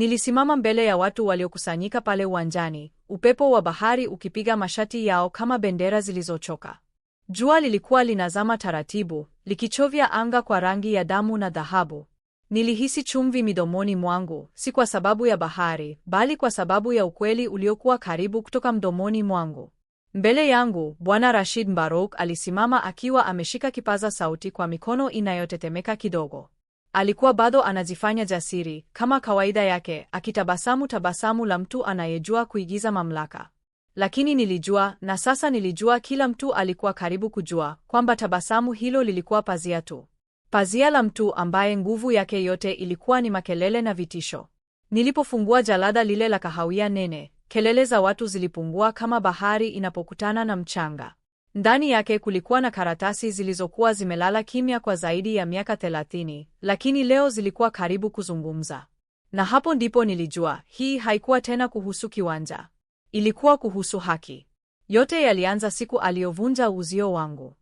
Nilisimama mbele ya watu waliokusanyika pale uwanjani, upepo wa bahari ukipiga mashati yao kama bendera zilizochoka. Jua lilikuwa linazama taratibu, likichovya anga kwa rangi ya damu na dhahabu. Nilihisi chumvi midomoni mwangu, si kwa sababu ya bahari, bali kwa sababu ya ukweli uliokuwa karibu kutoka mdomoni mwangu. Mbele yangu, Bwana Rashid Mbarok alisimama akiwa ameshika kipaza sauti kwa mikono inayotetemeka kidogo. Alikuwa bado anajifanya jasiri kama kawaida yake, akitabasamu tabasamu la mtu anayejua kuigiza mamlaka. Lakini nilijua, na sasa nilijua, kila mtu alikuwa karibu kujua kwamba tabasamu hilo lilikuwa pazia tu, pazia la mtu ambaye nguvu yake yote ilikuwa ni makelele na vitisho. Nilipofungua jalada lile la kahawia nene, kelele za watu zilipungua kama bahari inapokutana na mchanga. Ndani yake kulikuwa na karatasi zilizokuwa zimelala kimya kwa zaidi ya miaka thelathini, lakini leo zilikuwa karibu kuzungumza. Na hapo ndipo nilijua, hii haikuwa tena kuhusu kiwanja. Ilikuwa kuhusu haki. Yote yalianza siku aliyovunja uzio wangu.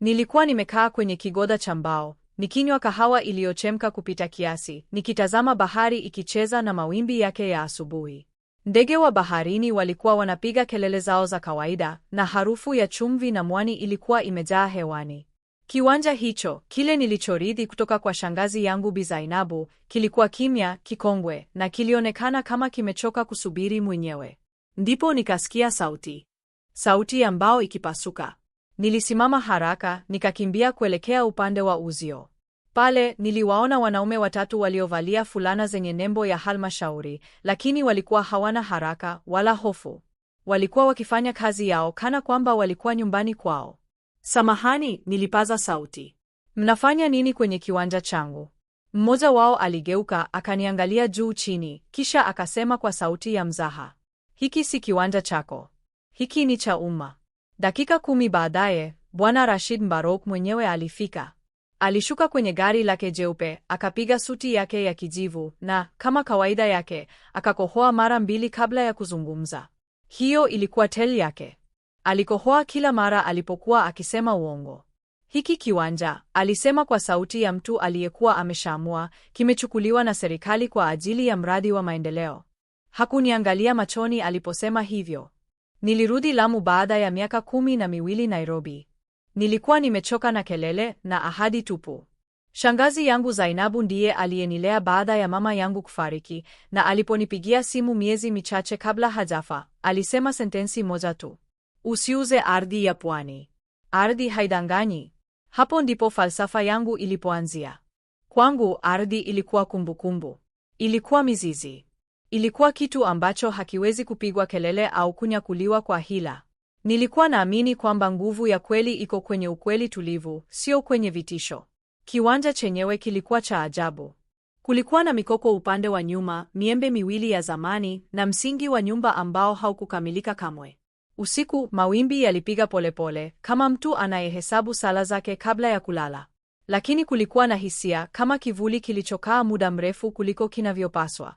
Nilikuwa nimekaa kwenye kigoda cha mbao, nikinywa kahawa iliyochemka kupita kiasi, nikitazama bahari ikicheza na mawimbi yake ya asubuhi. Ndege wa baharini walikuwa wanapiga kelele zao za kawaida, na harufu ya chumvi na mwani ilikuwa imejaa hewani. Kiwanja hicho, kile nilichorithi kutoka kwa shangazi yangu Bi Zainabu, kilikuwa kimya, kikongwe, na kilionekana kama kimechoka kusubiri mwenyewe. Ndipo nikasikia sauti. Sauti ya mbao ikipasuka. Nilisimama haraka, nikakimbia kuelekea upande wa uzio. Pale niliwaona wanaume watatu waliovalia fulana zenye nembo ya halmashauri, lakini walikuwa hawana haraka wala hofu. Walikuwa wakifanya kazi yao kana kwamba walikuwa nyumbani kwao. Samahani, nilipaza sauti. Mnafanya nini kwenye kiwanja changu? Mmoja wao aligeuka akaniangalia juu chini, kisha akasema kwa sauti ya mzaha, hiki si kiwanja chako, hiki ni cha umma. Dakika kumi baadaye, Bwana Rashid Mbarok mwenyewe alifika. Alishuka kwenye gari lake jeupe, akapiga suti yake ya kijivu na kama kawaida yake akakohoa mara mbili kabla ya kuzungumza. Hiyo ilikuwa tel yake. Alikohoa kila mara alipokuwa akisema uongo. Hiki kiwanja, alisema kwa sauti ya mtu aliyekuwa ameshaamua, kimechukuliwa na serikali kwa ajili ya mradi wa maendeleo. Hakuniangalia machoni aliposema hivyo. Nilirudi Lamu baada ya miaka kumi na miwili Nairobi. Nilikuwa nimechoka na kelele na ahadi tupu. Shangazi yangu Zainabu ndiye aliyenilea baada ya mama yangu kufariki, na aliponipigia simu miezi michache kabla hajafa, alisema sentensi moja tu: usiuze ardhi ya pwani, ardhi haidanganyi. Hapo ndipo falsafa yangu ilipoanzia. Kwangu ardhi ilikuwa kumbukumbu kumbu. Ilikuwa mizizi, ilikuwa kitu ambacho hakiwezi kupigwa kelele au kunyakuliwa kwa hila. Nilikuwa naamini kwamba nguvu ya kweli iko kwenye ukweli tulivu, sio kwenye vitisho. Kiwanja chenyewe kilikuwa cha ajabu. Kulikuwa na mikoko upande wa nyuma, miembe miwili ya zamani na msingi wa nyumba ambao haukukamilika kamwe. Usiku mawimbi yalipiga polepole pole, kama mtu anayehesabu sala zake kabla ya kulala, lakini kulikuwa na hisia kama kivuli kilichokaa muda mrefu kuliko kinavyopaswa.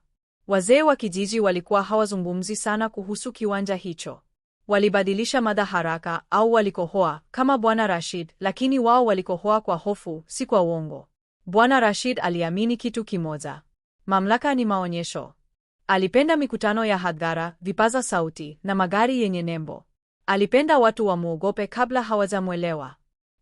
Wazee wa kijiji walikuwa hawazungumzi sana kuhusu kiwanja hicho walibadilisha mada haraka au walikohoa kama Bwana Rashid, lakini wao walikohoa kwa hofu, si kwa uongo. Bwana Rashid aliamini kitu kimoja: mamlaka ni maonyesho. Alipenda mikutano ya hadhara, vipaza sauti na magari yenye nembo. Alipenda watu wamwogope kabla hawajamwelewa.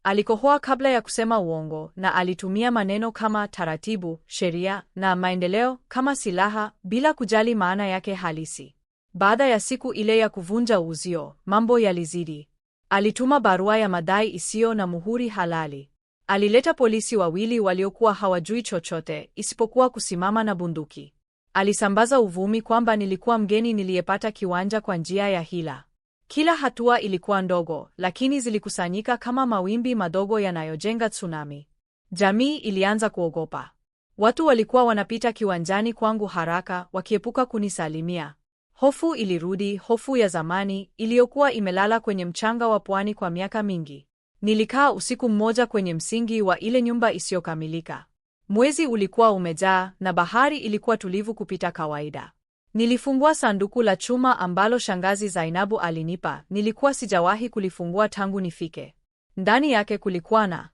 Alikohoa kabla ya kusema uongo, na alitumia maneno kama taratibu, sheria na maendeleo kama silaha, bila kujali maana yake halisi. Baada ya siku ile ya kuvunja uzio, mambo yalizidi. Alituma barua ya madai isiyo na muhuri halali. Alileta polisi wawili waliokuwa hawajui chochote isipokuwa kusimama na bunduki. Alisambaza uvumi kwamba nilikuwa mgeni niliyepata kiwanja kwa njia ya hila. Kila hatua ilikuwa ndogo, lakini zilikusanyika kama mawimbi madogo yanayojenga tsunami. Jamii ilianza kuogopa. Watu walikuwa wanapita kiwanjani kwangu haraka, wakiepuka kunisalimia. Hofu ilirudi, hofu ya zamani iliyokuwa imelala kwenye mchanga wa pwani kwa miaka mingi. Nilikaa usiku mmoja kwenye msingi wa ile nyumba isiyokamilika. Mwezi ulikuwa umejaa na bahari ilikuwa tulivu kupita kawaida. Nilifungua sanduku la chuma ambalo shangazi Zainabu alinipa. Nilikuwa sijawahi kulifungua tangu nifike. Ndani yake kulikuwa na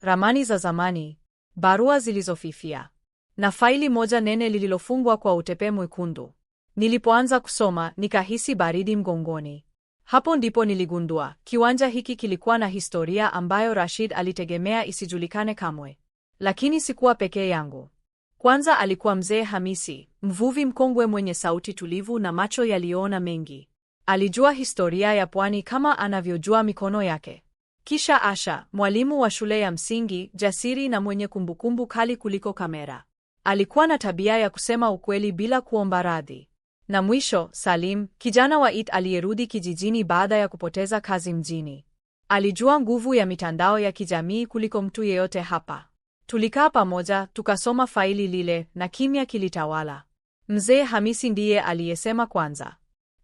ramani za zamani, barua zilizofifia na faili moja nene lililofungwa kwa utepe mwekundu. Nilipoanza kusoma, nikahisi baridi mgongoni. Hapo ndipo niligundua kiwanja hiki kilikuwa na historia ambayo Rashid alitegemea isijulikane kamwe. Lakini sikuwa pekee yangu. Kwanza alikuwa mzee Hamisi, mvuvi mkongwe mwenye sauti tulivu na macho yaliyoona mengi. Alijua historia ya pwani kama anavyojua mikono yake. Kisha Asha, mwalimu wa shule ya msingi, jasiri na mwenye kumbukumbu kali kuliko kamera. Alikuwa na tabia ya kusema ukweli bila kuomba radhi. Na mwisho, Salim, kijana wa It aliyerudi kijijini baada ya kupoteza kazi mjini. Alijua nguvu ya mitandao ya kijamii kuliko mtu yeyote hapa. Tulikaa pamoja, tukasoma faili lile na kimya kilitawala. Mzee Hamisi ndiye aliyesema kwanza.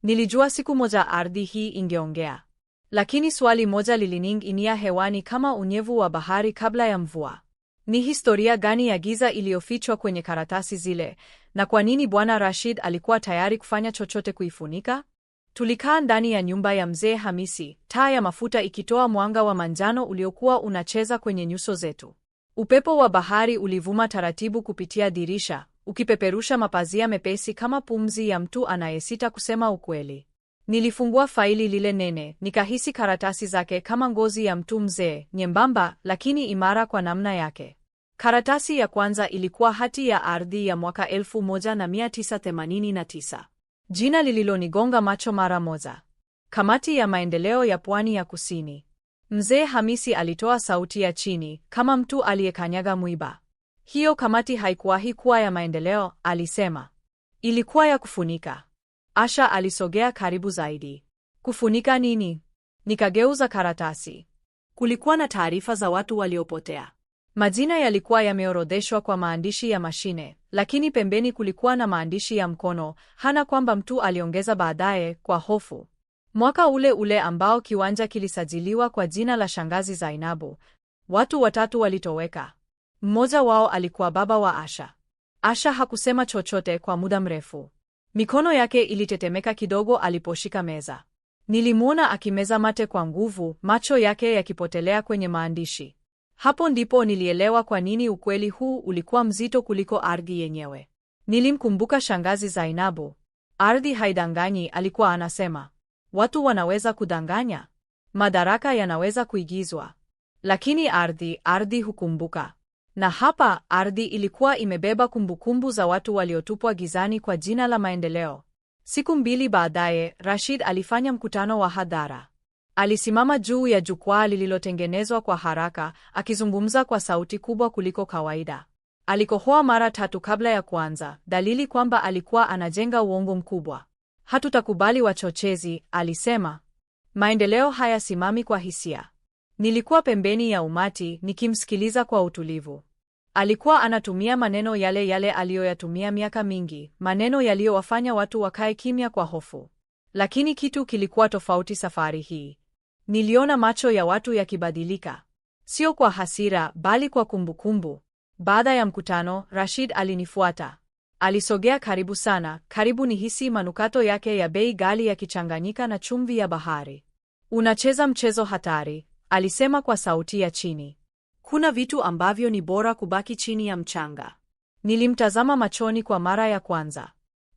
Nilijua siku moja ardhi hii ingeongea. Lakini swali moja lilining'inia hewani kama unyevu wa bahari kabla ya mvua. Ni historia gani ya giza iliyofichwa kwenye karatasi zile, na kwa nini Bwana Rashid alikuwa tayari kufanya chochote kuifunika? Tulikaa ndani ya nyumba ya mzee Hamisi, taa ya mafuta ikitoa mwanga wa manjano uliokuwa unacheza kwenye nyuso zetu. Upepo wa bahari ulivuma taratibu kupitia dirisha, ukipeperusha mapazia mepesi kama pumzi ya mtu anayesita kusema ukweli. Nilifungua faili lile nene, nikahisi karatasi zake kama ngozi ya mtu mzee, nyembamba lakini imara kwa namna yake. Karatasi ya kwanza ilikuwa hati ya ardhi ya mwaka 1989. Jina lililonigonga macho mara moja: Kamati ya Maendeleo ya Pwani ya Kusini. Mzee Hamisi alitoa sauti ya chini kama mtu aliyekanyaga mwiba. Hiyo kamati haikuwahi kuwa ya maendeleo, alisema. Ilikuwa ya kufunika. Asha alisogea karibu zaidi. Kufunika nini? Nikageuza karatasi. Kulikuwa na taarifa za watu waliopotea, Majina yalikuwa yameorodheshwa kwa maandishi ya mashine, lakini pembeni kulikuwa na maandishi ya mkono, hana kwamba mtu aliongeza baadaye kwa hofu. Mwaka ule ule ambao kiwanja kilisajiliwa kwa jina la shangazi Zainabu, watu watatu walitoweka. Mmoja wao alikuwa baba wa Asha. Asha hakusema chochote kwa muda mrefu. Mikono yake ilitetemeka kidogo aliposhika meza. Nilimwona akimeza mate kwa nguvu, macho yake yakipotelea kwenye maandishi. Hapo ndipo nilielewa kwa nini ukweli huu ulikuwa mzito kuliko ardhi yenyewe. Nilimkumbuka shangazi Zainabu. Ardhi haidanganyi, alikuwa anasema. Watu wanaweza kudanganya, madaraka yanaweza kuigizwa, lakini ardhi, ardhi hukumbuka. Na hapa ardhi ilikuwa imebeba kumbukumbu za watu waliotupwa gizani kwa jina la maendeleo. Siku mbili baadaye, Rashid alifanya mkutano wa hadhara. Alisimama juu ya jukwaa lililotengenezwa kwa haraka, akizungumza kwa sauti kubwa kuliko kawaida. Alikohoa mara tatu kabla ya kuanza, dalili kwamba alikuwa anajenga uongo mkubwa. Hatutakubali wachochezi, alisema. Maendeleo hayasimami kwa hisia. Nilikuwa pembeni ya umati nikimsikiliza kwa utulivu. Alikuwa anatumia maneno yale yale aliyoyatumia miaka mingi, maneno yaliyowafanya watu wakae kimya kwa hofu. Lakini kitu kilikuwa tofauti safari hii. Niliona macho ya watu yakibadilika, sio kwa hasira, bali kwa kumbukumbu. Baada ya mkutano, Rashid alinifuata. Alisogea karibu sana, karibu nihisi manukato yake ya bei ghali yakichanganyika na chumvi ya bahari. Unacheza mchezo hatari, alisema kwa sauti ya chini. Kuna vitu ambavyo ni bora kubaki chini ya mchanga. Nilimtazama machoni kwa mara ya kwanza.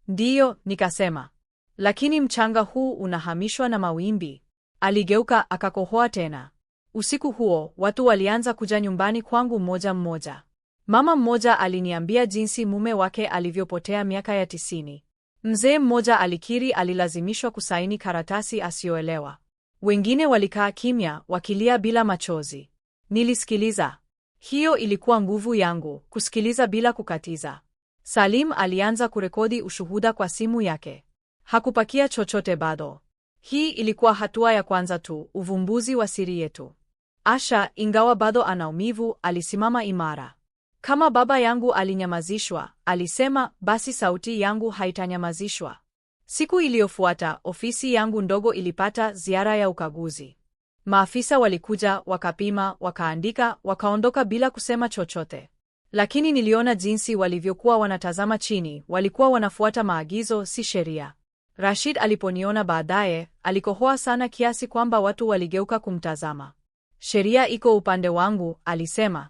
Ndiyo, nikasema. Lakini mchanga huu unahamishwa na mawimbi. Aligeuka akakohoa tena. Usiku huo watu walianza kuja nyumbani kwangu mmoja mmoja. Mama mmoja aliniambia jinsi mume wake alivyopotea miaka ya tisini. Mzee mmoja alikiri alilazimishwa kusaini karatasi asiyoelewa. Wengine walikaa kimya wakilia bila machozi. Nilisikiliza. Hiyo ilikuwa nguvu yangu, kusikiliza bila kukatiza. Salim alianza kurekodi ushuhuda kwa simu yake. Hakupakia chochote bado. Hii ilikuwa hatua ya kwanza tu, uvumbuzi wa siri yetu. Asha, ingawa bado anaumivu, alisimama imara. Kama baba yangu alinyamazishwa, alisema, basi sauti yangu haitanyamazishwa. Siku iliyofuata, ofisi yangu ndogo ilipata ziara ya ukaguzi. Maafisa walikuja, wakapima, wakaandika, wakaondoka bila kusema chochote. Lakini niliona jinsi walivyokuwa wanatazama chini, walikuwa wanafuata maagizo, si sheria. Rashid aliponiona baadaye, alikohoa sana kiasi kwamba watu waligeuka kumtazama. Sheria iko upande wangu, alisema.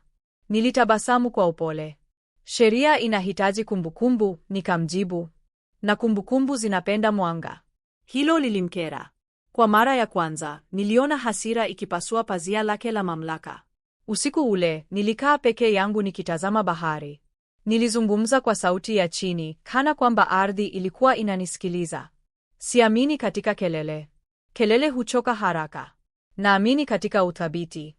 Nilitabasamu kwa upole. Sheria inahitaji kumbukumbu, nikamjibu. Na kumbukumbu zinapenda mwanga. Hilo lilimkera. Kwa mara ya kwanza, niliona hasira ikipasua pazia lake la mamlaka. Usiku ule, nilikaa peke yangu nikitazama bahari. Nilizungumza kwa sauti ya chini, kana kwamba ardhi ilikuwa inanisikiliza. Siamini katika kelele. Kelele huchoka haraka. Naamini katika uthabiti.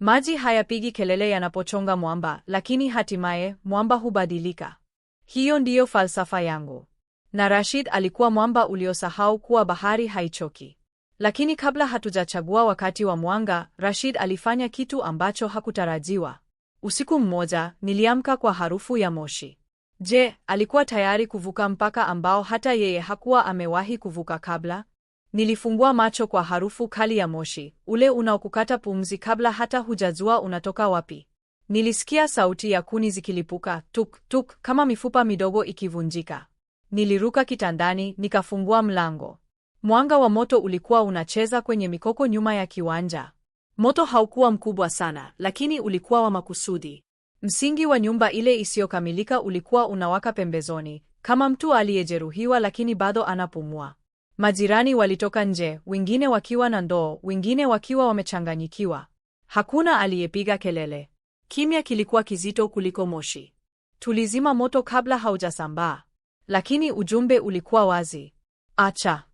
Maji hayapigi kelele yanapochonga mwamba, lakini hatimaye mwamba hubadilika. Hiyo ndiyo falsafa yangu. Na Rashid alikuwa mwamba uliosahau kuwa bahari haichoki. Lakini kabla hatujachagua wakati wa mwanga, Rashid alifanya kitu ambacho hakutarajiwa. Usiku mmoja, niliamka kwa harufu ya moshi. Je, alikuwa tayari kuvuka mpaka ambao hata yeye hakuwa amewahi kuvuka kabla? Nilifungua macho kwa harufu kali ya moshi, ule unaokukata pumzi kabla hata hujajua unatoka wapi. Nilisikia sauti ya kuni zikilipuka tuk tuk, kama mifupa midogo ikivunjika. Niliruka kitandani, nikafungua mlango. Mwanga wa moto ulikuwa unacheza kwenye mikoko nyuma ya kiwanja. Moto haukuwa mkubwa sana, lakini ulikuwa wa makusudi. Msingi wa nyumba ile isiyokamilika ulikuwa unawaka pembezoni, kama mtu aliyejeruhiwa lakini bado anapumua. Majirani walitoka nje, wengine wakiwa na ndoo, wengine wakiwa wamechanganyikiwa. Hakuna aliyepiga kelele. Kimya kilikuwa kizito kuliko moshi. Tulizima moto kabla haujasambaa, lakini ujumbe ulikuwa wazi: acha.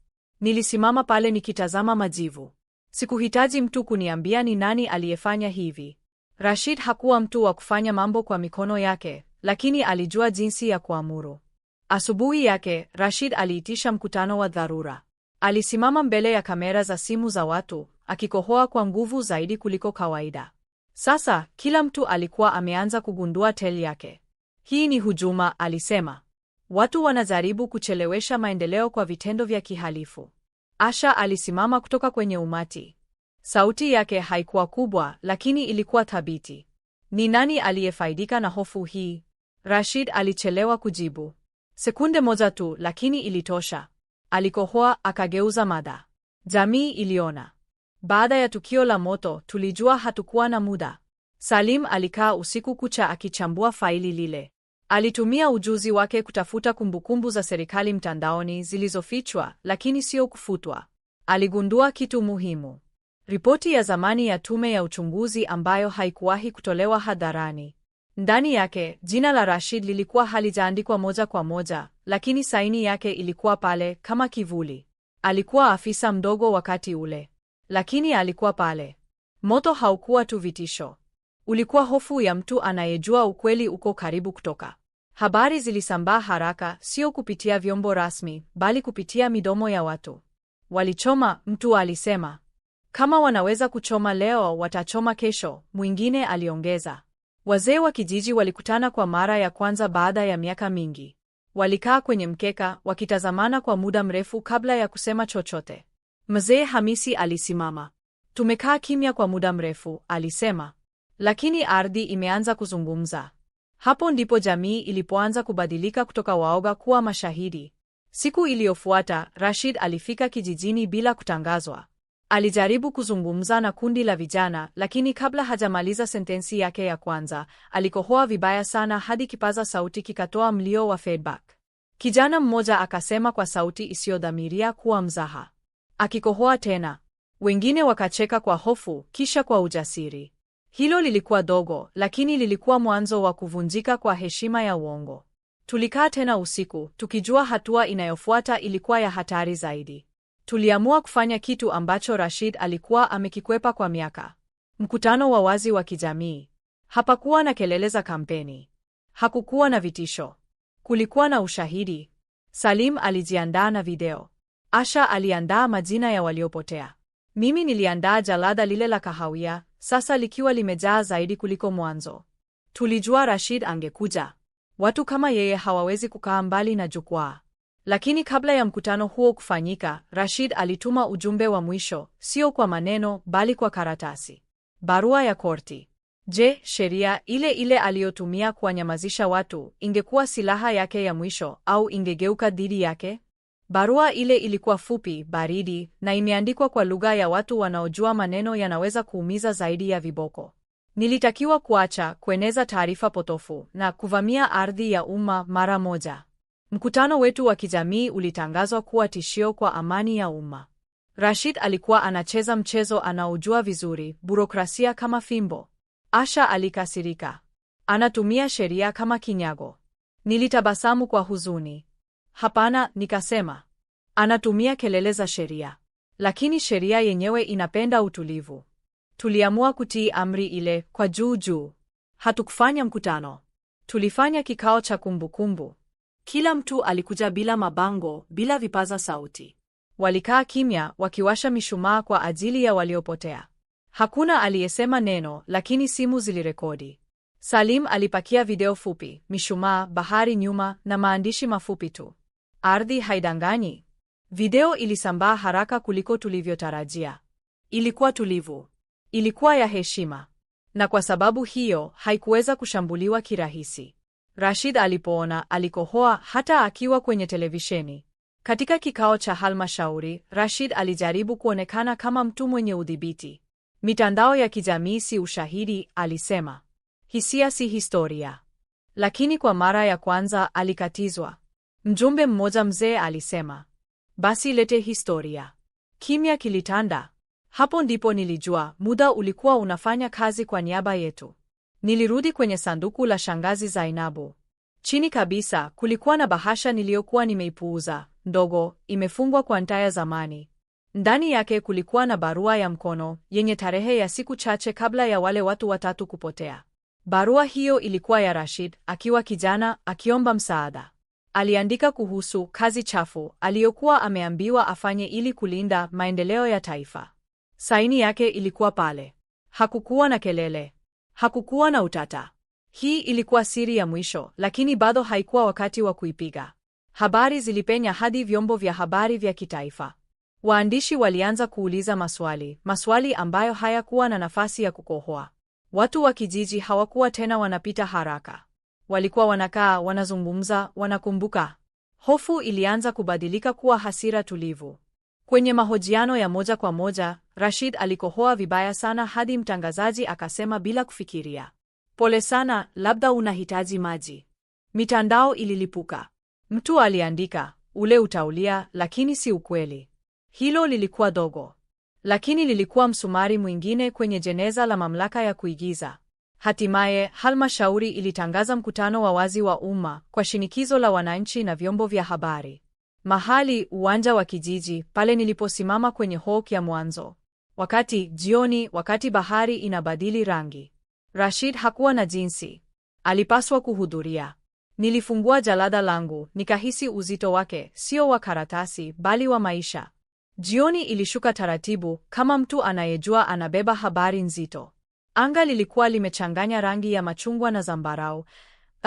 Nilisimama pale nikitazama majivu. Sikuhitaji mtu kuniambia ni nani aliyefanya hivi. Rashid hakuwa mtu wa kufanya mambo kwa mikono yake, lakini alijua jinsi ya kuamuru. Asubuhi yake, Rashid aliitisha mkutano wa dharura. Alisimama mbele ya kamera za simu za watu, akikohoa kwa nguvu zaidi kuliko kawaida. Sasa, kila mtu alikuwa ameanza kugundua tel yake. Hii ni hujuma, alisema. Watu wanajaribu kuchelewesha maendeleo kwa vitendo vya kihalifu. Asha alisimama kutoka kwenye umati. Sauti yake haikuwa kubwa, lakini ilikuwa thabiti. Ni nani aliyefaidika na hofu hii? Rashid alichelewa kujibu. Sekunde moja tu, lakini ilitosha. Alikohoa, akageuza mada. Jamii iliona. Baada ya tukio la moto, tulijua hatukuwa na muda. Salim alikaa usiku kucha akichambua faili lile. Alitumia ujuzi wake kutafuta kumbukumbu za serikali mtandaoni zilizofichwa, lakini sio kufutwa. Aligundua kitu muhimu. Ripoti ya zamani ya tume ya uchunguzi ambayo haikuwahi kutolewa hadharani. Ndani yake jina la Rashid lilikuwa halijaandikwa moja kwa moja, lakini saini yake ilikuwa pale kama kivuli. Alikuwa afisa mdogo wakati ule, lakini alikuwa pale. Moto haukuwa tu vitisho, ulikuwa hofu ya mtu anayejua ukweli uko karibu kutoka. Habari zilisambaa haraka, sio kupitia vyombo rasmi, bali kupitia midomo ya watu. Walichoma, mtu alisema. Kama wanaweza kuchoma leo, watachoma kesho, mwingine aliongeza. Wazee wa kijiji walikutana kwa mara ya kwanza baada ya miaka mingi. Walikaa kwenye mkeka wakitazamana kwa muda mrefu kabla ya kusema chochote. Mzee Hamisi alisimama. Tumekaa kimya kwa muda mrefu, alisema, lakini ardhi imeanza kuzungumza. Hapo ndipo jamii ilipoanza kubadilika kutoka waoga kuwa mashahidi. Siku iliyofuata Rashid alifika kijijini bila kutangazwa. Alijaribu kuzungumza na kundi la vijana, lakini kabla hajamaliza sentensi yake ya kwanza, alikohoa vibaya sana hadi kipaza sauti kikatoa mlio wa feedback. Kijana mmoja akasema kwa sauti isiyodhamiria kuwa mzaha, akikohoa tena. Wengine wakacheka kwa hofu, kisha kwa ujasiri. Hilo lilikuwa dogo, lakini lilikuwa mwanzo wa kuvunjika kwa heshima ya uongo. Tulikaa tena usiku, tukijua hatua inayofuata ilikuwa ya hatari zaidi. Tuliamua kufanya kitu ambacho Rashid alikuwa amekikwepa kwa miaka: mkutano wa wazi wa kijamii. Hapakuwa na kelele za kampeni, hakukuwa na vitisho, kulikuwa na ushahidi. Salim alijiandaa na video, Asha aliandaa majina ya waliopotea, mimi niliandaa jalada lile la kahawia, sasa likiwa limejaa zaidi kuliko mwanzo. Tulijua Rashid angekuja. Watu kama yeye hawawezi kukaa mbali na jukwaa. Lakini kabla ya mkutano huo kufanyika, Rashid alituma ujumbe wa mwisho, sio kwa maneno bali kwa karatasi, barua ya korti. Je, sheria ile ile aliyotumia kuwanyamazisha watu ingekuwa silaha yake ya mwisho au ingegeuka dhidi yake? Barua ile ilikuwa fupi, baridi na imeandikwa kwa lugha ya watu wanaojua maneno yanaweza kuumiza zaidi ya viboko. Nilitakiwa kuacha kueneza taarifa potofu na kuvamia ardhi ya umma mara moja. Mkutano wetu wa kijamii ulitangazwa kuwa tishio kwa amani ya umma. Rashid alikuwa anacheza mchezo anaojua vizuri, burokrasia kama fimbo. Asha alikasirika. Anatumia sheria kama kinyago. Nilitabasamu kwa huzuni. Hapana, nikasema. Anatumia kelele za sheria. Lakini sheria yenyewe inapenda utulivu. Tuliamua kutii amri ile kwa juu juu. Hatukufanya mkutano. Tulifanya kikao cha kumbukumbu. Kila mtu alikuja bila mabango, bila vipaza sauti. Walikaa kimya, wakiwasha mishumaa kwa ajili ya waliopotea. Hakuna aliyesema neno, lakini simu zilirekodi. Salim alipakia video fupi, mishumaa, bahari nyuma na maandishi mafupi tu, ardhi haidanganyi. Video ilisambaa haraka kuliko tulivyotarajia. Ilikuwa tulivu, ilikuwa ya heshima, na kwa sababu hiyo haikuweza kushambuliwa kirahisi. Rashid alipoona alikohoa hata akiwa kwenye televisheni. Katika kikao cha halmashauri, Rashid alijaribu kuonekana kama mtu mwenye udhibiti. Mitandao ya kijamii si ushahidi, alisema. Hisia si historia. Lakini kwa mara ya kwanza alikatizwa. Mjumbe mmoja mzee alisema, basi lete historia. Kimya kilitanda. Hapo ndipo nilijua muda ulikuwa unafanya kazi kwa niaba yetu. Nilirudi kwenye sanduku la shangazi Zainabu. Chini kabisa kulikuwa na bahasha niliyokuwa nimeipuuza, ndogo, imefungwa kwa nta ya zamani. Ndani yake kulikuwa na barua ya mkono yenye tarehe ya siku chache kabla ya wale watu watatu kupotea. Barua hiyo ilikuwa ya Rashid akiwa kijana, akiomba msaada. Aliandika kuhusu kazi chafu aliyokuwa ameambiwa afanye ili kulinda maendeleo ya taifa. Saini yake ilikuwa pale. Hakukuwa na kelele, Hakukuwa na utata. Hii ilikuwa siri ya mwisho, lakini bado haikuwa wakati wa kuipiga. Habari zilipenya hadi vyombo vya habari vya kitaifa. Waandishi walianza kuuliza maswali, maswali ambayo hayakuwa na nafasi ya kukohoa. Watu wa kijiji hawakuwa tena wanapita haraka. Walikuwa wanakaa, wanazungumza, wanakumbuka. Hofu ilianza kubadilika kuwa hasira tulivu. Kwenye mahojiano ya moja kwa moja, Rashid alikohoa vibaya sana hadi mtangazaji akasema bila kufikiria, pole sana, labda unahitaji maji. Mitandao ililipuka. Mtu aliandika, ule utaulia, lakini si ukweli. Hilo lilikuwa dogo, lakini lilikuwa msumari mwingine kwenye jeneza la mamlaka ya kuigiza. Hatimaye halmashauri ilitangaza mkutano wa wazi wa umma kwa shinikizo la wananchi na vyombo vya habari. Mahali uwanja wa kijiji, pale niliposimama kwenye hok ya mwanzo. Wakati jioni, wakati bahari inabadili rangi, Rashid hakuwa na jinsi, alipaswa kuhudhuria. Nilifungua jalada langu, nikahisi uzito wake, sio wa karatasi, bali wa maisha. Jioni ilishuka taratibu, kama mtu anayejua anabeba habari nzito. Anga lilikuwa limechanganya rangi ya machungwa na zambarau.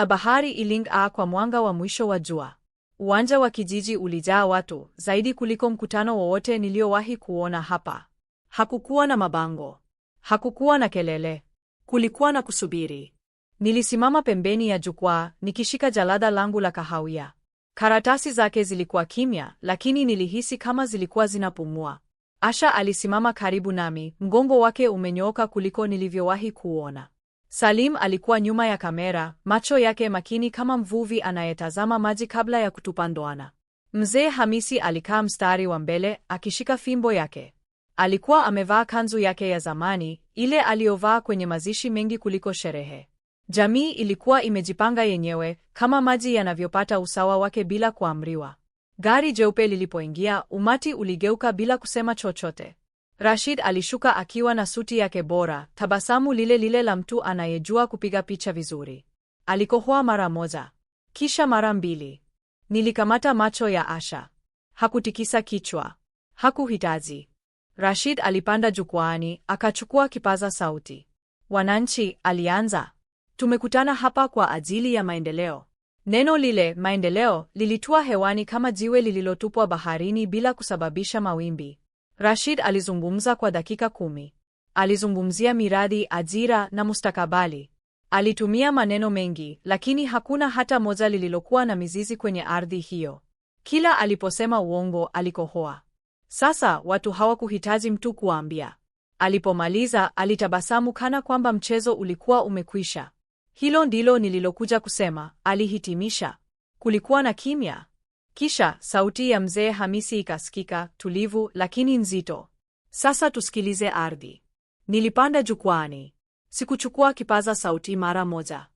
Bahari iling'aa kwa mwanga wa mwisho wa jua. Uwanja wa kijiji ulijaa watu, zaidi kuliko mkutano wowote niliowahi kuona hapa. Hakukuwa na mabango, hakukuwa na kelele, kulikuwa na kusubiri. Nilisimama pembeni ya jukwaa nikishika jalada langu la kahawia. Karatasi zake zilikuwa kimya, lakini nilihisi kama zilikuwa zinapumua. Asha alisimama karibu nami, mgongo wake umenyooka kuliko nilivyowahi kuona. Salim alikuwa nyuma ya kamera, macho yake makini kama mvuvi anayetazama maji kabla ya kutupa ndoana. Mzee Hamisi alikaa mstari wa mbele akishika fimbo yake. Alikuwa amevaa kanzu yake ya zamani, ile aliyovaa kwenye mazishi mengi kuliko sherehe. Jamii ilikuwa imejipanga yenyewe, kama maji yanavyopata usawa wake bila kuamriwa. Gari jeupe lilipoingia, umati uligeuka bila kusema chochote. Rashid alishuka akiwa na suti yake bora, tabasamu lile lile la mtu anayejua kupiga picha vizuri. Alikohoa mara moja, kisha mara mbili. Nilikamata macho ya Asha. Hakutikisa kichwa, hakuhitaji. Rashid alipanda jukwaani, akachukua kipaza sauti. Wananchi, alianza, tumekutana hapa kwa ajili ya maendeleo. Neno lile maendeleo lilitua hewani kama jiwe lililotupwa baharini bila kusababisha mawimbi. Rashid alizungumza kwa dakika kumi. Alizungumzia miradi, ajira na mustakabali. Alitumia maneno mengi, lakini hakuna hata moja lililokuwa na mizizi kwenye ardhi hiyo. Kila aliposema uongo, alikohoa. Sasa watu hawakuhitaji mtu kuambia. Alipomaliza alitabasamu kana kwamba mchezo ulikuwa umekwisha. Hilo ndilo nililokuja kusema, alihitimisha. Kulikuwa na kimya. Kisha sauti ya mzee Hamisi ikasikika, tulivu lakini nzito. Sasa tusikilize ardhi. Nilipanda jukwani Sikuchukua kipaza sauti mara moja.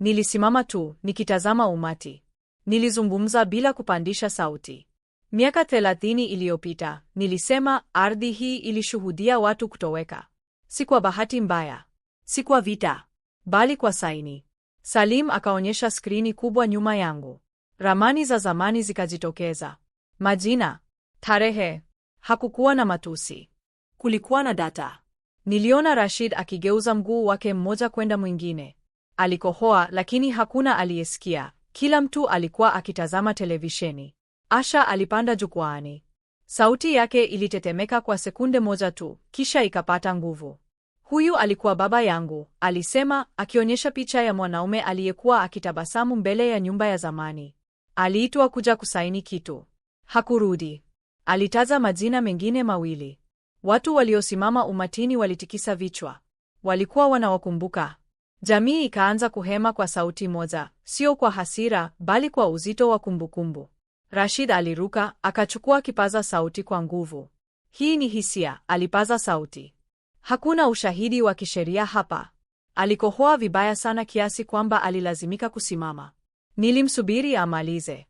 Nilisimama tu nikitazama umati. Nilizungumza bila kupandisha sauti. Miaka thelathini iliyopita nilisema ardhi hii ilishuhudia watu kutoweka, si kwa bahati mbaya, si kwa vita, bali kwa saini. Salim akaonyesha skrini kubwa nyuma yangu. Ramani za zamani zikajitokeza, majina, tarehe. Hakukuwa na matusi, kulikuwa na data. Niliona Rashid akigeuza mguu wake mmoja kwenda mwingine. Alikohoa, lakini hakuna aliyesikia. Kila mtu alikuwa akitazama televisheni. Asha alipanda jukwaani. Sauti yake ilitetemeka kwa sekunde moja tu, kisha ikapata nguvu. Huyu alikuwa baba yangu, alisema, akionyesha picha ya mwanaume aliyekuwa akitabasamu mbele ya nyumba ya zamani. Aliitwa kuja kusaini kitu. Hakurudi. alitaza majina mengine mawili. Watu waliosimama umatini walitikisa vichwa. Walikuwa wanawakumbuka. Jamii ikaanza kuhema kwa sauti moja, sio kwa hasira, bali kwa uzito wa kumbukumbu. Rashid aliruka akachukua kipaza sauti kwa nguvu. Hii ni hisia, alipaza sauti. Hakuna ushahidi wa kisheria hapa. Alikohoa vibaya sana kiasi kwamba alilazimika kusimama. Nilimsubiri amalize.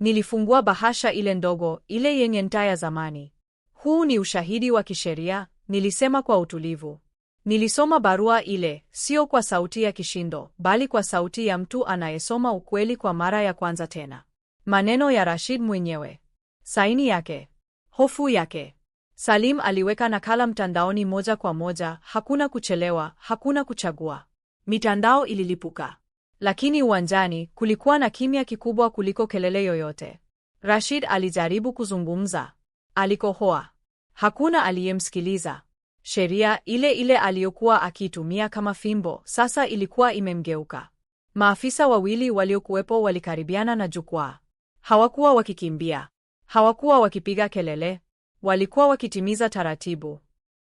Nilifungua bahasha ile ndogo, ile yenye nta ya zamani. Huu ni ushahidi wa kisheria, nilisema kwa utulivu. Nilisoma barua ile, sio kwa sauti ya kishindo, bali kwa sauti ya mtu anayesoma ukweli kwa mara ya kwanza tena. Maneno ya Rashid mwenyewe, saini yake, hofu yake. Salim aliweka nakala mtandaoni moja kwa moja, hakuna kuchelewa, hakuna kuchagua. Mitandao ililipuka, lakini uwanjani kulikuwa na kimya kikubwa kuliko kelele yoyote. Rashid alijaribu kuzungumza, alikohoa, hakuna aliyemsikiliza. Sheria ile ile aliyokuwa akiitumia kama fimbo sasa ilikuwa imemgeuka. Maafisa wawili waliokuwepo walikaribiana na jukwaa. Hawakuwa wakikimbia, hawakuwa wakipiga kelele, walikuwa wakitimiza taratibu.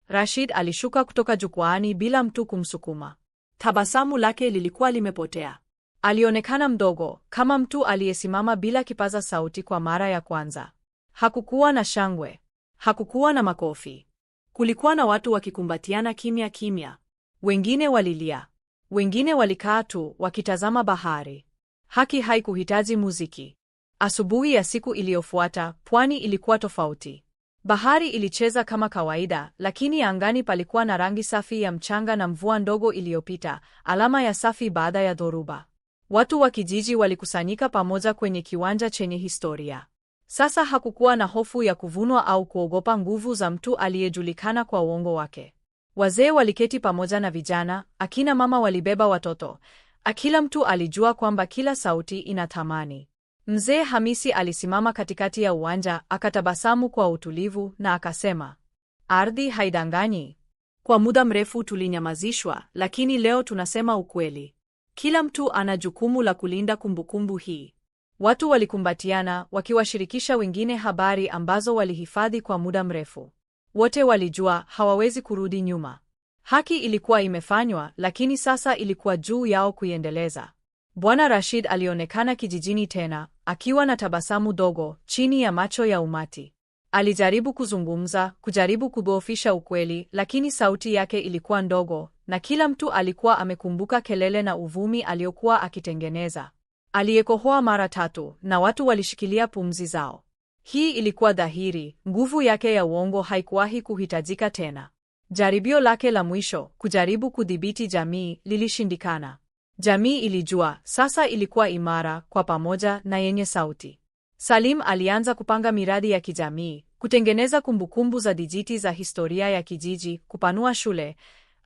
Rashid alishuka kutoka jukwaani bila mtu kumsukuma. Tabasamu lake lilikuwa limepotea. Alionekana mdogo, kama mtu aliyesimama bila kipaza sauti kwa mara ya kwanza. Hakukuwa na shangwe, hakukuwa na makofi. Kulikuwa na watu wakikumbatiana kimya kimya. Wengine walilia, wengine walikaa tu wakitazama bahari. Haki haikuhitaji muziki, Asubuhi ya siku iliyofuata, pwani ilikuwa tofauti. Bahari ilicheza kama kawaida, lakini angani palikuwa na rangi safi ya mchanga na mvua ndogo iliyopita, alama ya safi baada ya dhoruba. Watu wa kijiji walikusanyika pamoja kwenye kiwanja chenye historia. Sasa hakukuwa na hofu ya kuvunwa au kuogopa nguvu za mtu aliyejulikana kwa uongo wake. Wazee waliketi pamoja na vijana, akina mama walibeba watoto. Akila mtu alijua kwamba kila sauti ina thamani. Mzee Hamisi alisimama katikati ya uwanja, akatabasamu kwa utulivu na akasema, ardhi haidanganyi. Kwa muda mrefu tulinyamazishwa, lakini leo tunasema ukweli. Kila mtu ana jukumu la kulinda kumbukumbu hii. Watu walikumbatiana, wakiwashirikisha wengine habari ambazo walihifadhi kwa muda mrefu. Wote walijua hawawezi kurudi nyuma. Haki ilikuwa imefanywa, lakini sasa ilikuwa juu yao kuiendeleza. Bwana Rashid alionekana kijijini tena, akiwa na tabasamu dogo chini ya macho ya umati. Alijaribu kuzungumza, kujaribu kudhoofisha ukweli, lakini sauti yake ilikuwa ndogo na kila mtu alikuwa amekumbuka kelele na uvumi aliyokuwa akitengeneza. Aliyekohoa mara tatu na watu walishikilia pumzi zao. Hii ilikuwa dhahiri, nguvu yake ya uongo haikuwahi kuhitajika tena. Jaribio lake la mwisho, kujaribu kudhibiti jamii, lilishindikana. Jamii ilijua, sasa ilikuwa imara, kwa pamoja na yenye sauti. Salim alianza kupanga miradi ya kijamii, kutengeneza kumbukumbu za dijiti za historia ya kijiji, kupanua shule,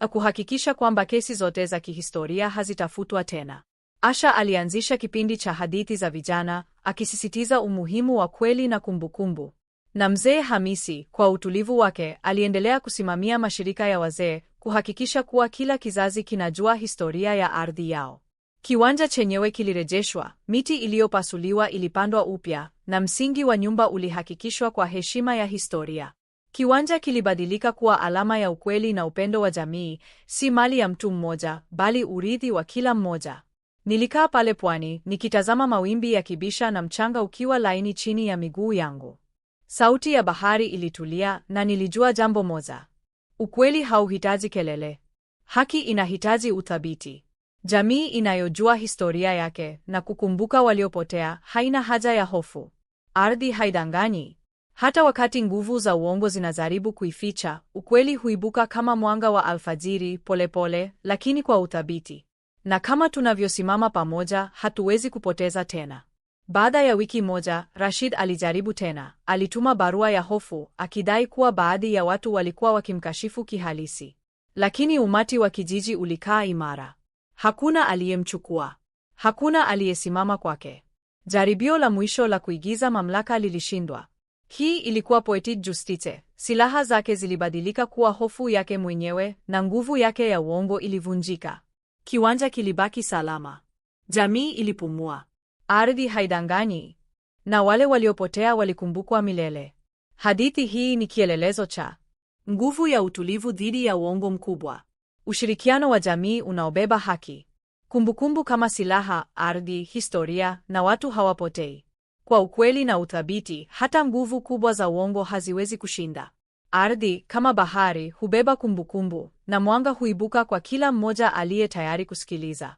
na kuhakikisha kwamba kesi zote za kihistoria hazitafutwa tena. Asha alianzisha kipindi cha hadithi za vijana, akisisitiza umuhimu wa kweli na kumbukumbu na mzee Hamisi kwa utulivu wake aliendelea kusimamia mashirika ya wazee kuhakikisha kuwa kila kizazi kinajua historia ya ardhi yao. Kiwanja chenyewe kilirejeshwa, miti iliyopasuliwa ilipandwa upya na msingi wa nyumba ulihakikishwa kwa heshima ya historia. Kiwanja kilibadilika kuwa alama ya ukweli na upendo wa jamii, si mali ya mtu mmoja, bali urithi wa kila mmoja. Nilikaa pale pwani nikitazama mawimbi ya kibisha na mchanga ukiwa laini chini ya miguu yangu. Sauti ya bahari ilitulia na nilijua jambo moja: ukweli hauhitaji kelele, haki inahitaji uthabiti. Jamii inayojua historia yake na kukumbuka waliopotea haina haja ya hofu. Ardhi haidanganyi. Hata wakati nguvu za uongo zinajaribu kuificha, ukweli huibuka kama mwanga wa alfajiri, polepole lakini kwa uthabiti. Na kama tunavyosimama pamoja, hatuwezi kupoteza tena. Baada ya wiki moja, Rashid alijaribu tena. Alituma barua ya hofu akidai kuwa baadhi ya watu walikuwa wakimkashifu kihalisi, lakini umati wa kijiji ulikaa imara. Hakuna aliyemchukua, hakuna aliyesimama kwake. Jaribio la mwisho la kuigiza mamlaka lilishindwa. Hii ilikuwa Poetic Justice. Silaha zake zilibadilika kuwa hofu yake mwenyewe na nguvu yake ya uongo ilivunjika. Kiwanja kilibaki salama, jamii ilipumua. Ardhi haidanganyi, na wale waliopotea walikumbukwa milele. Hadithi hii ni kielelezo cha nguvu ya utulivu dhidi ya uongo mkubwa, ushirikiano wa jamii unaobeba haki, kumbukumbu kama silaha. Ardhi, historia na watu hawapotei. Kwa ukweli na uthabiti, hata nguvu kubwa za uongo haziwezi kushinda. Ardhi kama bahari hubeba kumbukumbu, na mwanga huibuka kwa kila mmoja aliye tayari kusikiliza.